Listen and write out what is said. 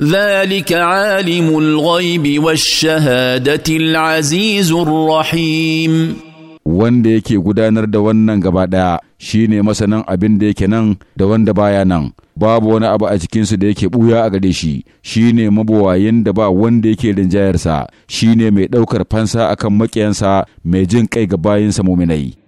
ذلك عالم الغيب والشهادة العزيز الرحيم wanda yake gudanar da wannan gaba ɗaya shi ne masanin abin da yake nan da wanda baya nan babu wani abu a cikinsu da yake ɓuya a gare shi shi ne mabawayin da ba wanda yake rinjayarsa shi ne mai ɗaukar fansa akan maƙiyansa mai jin kai ga bayinsa muminai